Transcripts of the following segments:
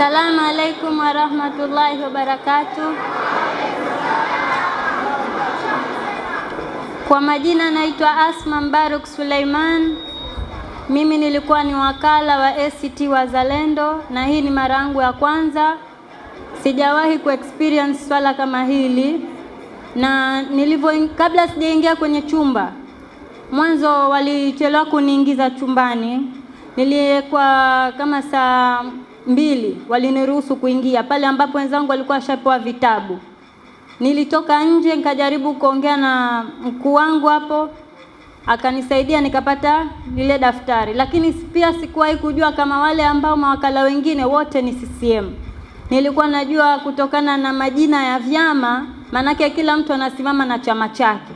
Assalamu alaikum warahmatullahi wabarakatuh. Kwa majina naitwa Asma Mbaruk Suleiman. Mimi nilikuwa ni wakala wa ACT Wazalendo na hii ni mara yangu ya kwanza. Sijawahi ku experience swala kama hili, na nilivyo, kabla sijaingia kwenye chumba mwanzo, walichelewa kuniingiza chumbani niliwekwa kama saa mbili, waliniruhusu kuingia pale ambapo wenzangu walikuwa washapewa vitabu. Nilitoka nje nikajaribu kuongea na mkuu wangu hapo, akanisaidia nikapata lile daftari, lakini pia sikuwahi kujua kama wale ambao mawakala wengine wote ni CCM. Nilikuwa najua kutokana na majina ya vyama, maanake kila mtu anasimama na chama chake.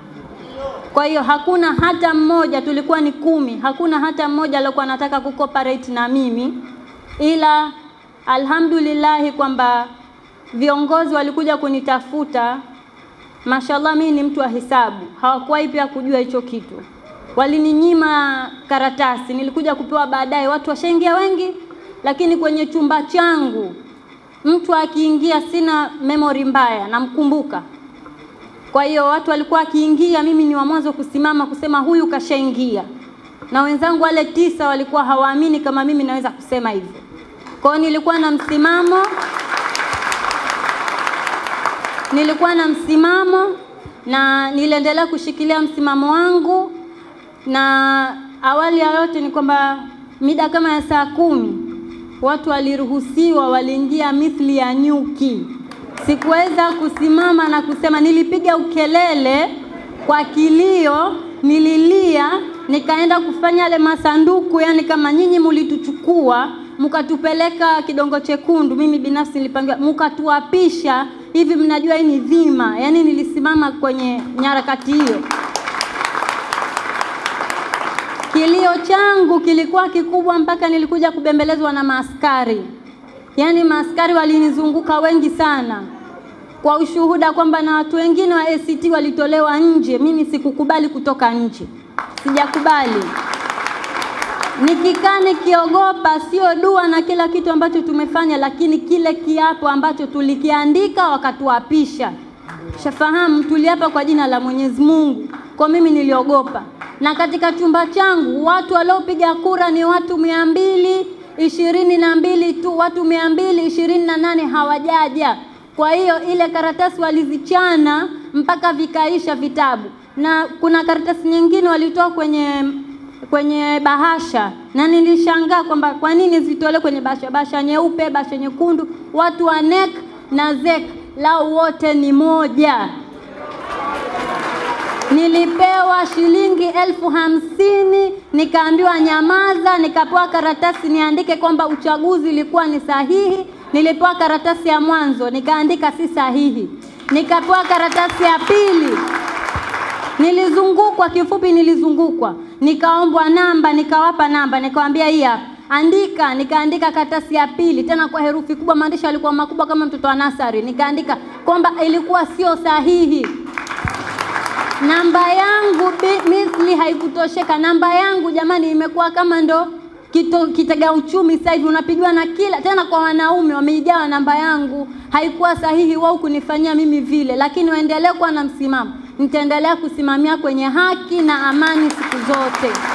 Kwa hiyo hakuna hata mmoja, tulikuwa ni kumi, hakuna hata mmoja aliyokuwa anataka kucooperate na mimi, ila alhamdulillahi kwamba viongozi walikuja kunitafuta. Mashallah, mimi ni mtu wa hisabu, hawakuwahi pia kujua hicho kitu. Walininyima karatasi, nilikuja kupewa baadaye. Watu washaingia wengi, lakini kwenye chumba changu mtu akiingia, sina memory mbaya, namkumbuka kwa hiyo watu walikuwa akiingia, mimi ni wa mwanzo kusimama kusema huyu kashaingia, na wenzangu wale tisa walikuwa hawaamini kama mimi naweza kusema hivyo. Kwa hiyo nilikuwa na msimamo, nilikuwa na msimamo na niliendelea kushikilia msimamo wangu, na awali ya yote ni kwamba mida kama ya saa kumi watu waliruhusiwa, waliingia mithili ya nyuki Sikuweza kusimama na kusema, nilipiga ukelele kwa kilio, nililia, nikaenda kufanya yale masanduku, yani kama nyinyi mulituchukua mkatupeleka Kidongo Chekundu, mimi binafsi nilipangiwa, mkatuapisha hivi, mnajua hii ni dhima. Yani nilisimama kwenye nyarakati hiyo. Kilio changu kilikuwa kikubwa mpaka nilikuja kubembelezwa na maaskari, yani maaskari walinizunguka wengi sana kwa ushuhuda kwamba na watu wengine wa ACT walitolewa nje. Mimi sikukubali kutoka nje, sijakubali nikikaa nikiogopa, sio dua na kila kitu ambacho tumefanya, lakini kile kiapo ambacho tulikiandika wakatuapisha, shafahamu tuliapa kwa jina la Mwenyezi Mungu, kwa mimi niliogopa. Na katika chumba changu watu waliopiga kura ni watu mia mbili ishirini na mbili tu, watu mia mbili ishirini na nane hawajaja. Kwa hiyo ile karatasi walizichana mpaka vikaisha vitabu, na kuna karatasi nyingine walitoa kwenye kwenye bahasha, na nilishangaa kwamba kwa nini zitole kwenye bahasha, bahasha nyeupe, bahasha nyekundu. Watu wa NEC na ZEC lao wote ni moja. Nilipewa shilingi elfu hamsini nikaambiwa nyamaza, nikapewa karatasi niandike kwamba uchaguzi ulikuwa ni sahihi Nilipewa karatasi ya mwanzo nikaandika si sahihi, nikapewa karatasi ya pili Nilizungukwa, kifupi, nilizungukwa. Nikaombwa namba, nikawapa namba, nikawaambia hii hapa andika. Nikaandika karatasi ya pili tena kwa herufi kubwa, maandishi yalikuwa makubwa kama mtoto wa nasari. Nikaandika kwamba ilikuwa sio sahihi. Namba yangu misli haikutosheka. Namba yangu jamani, imekuwa kama ndo kito, kitega uchumi sasa hivi unapigwa na kila tena. Kwa wanaume wameijawa namba yangu, haikuwa sahihi wao kunifanyia mimi vile, lakini waendelee kuwa na msimamo. Nitaendelea kusimamia kwenye haki na amani siku zote.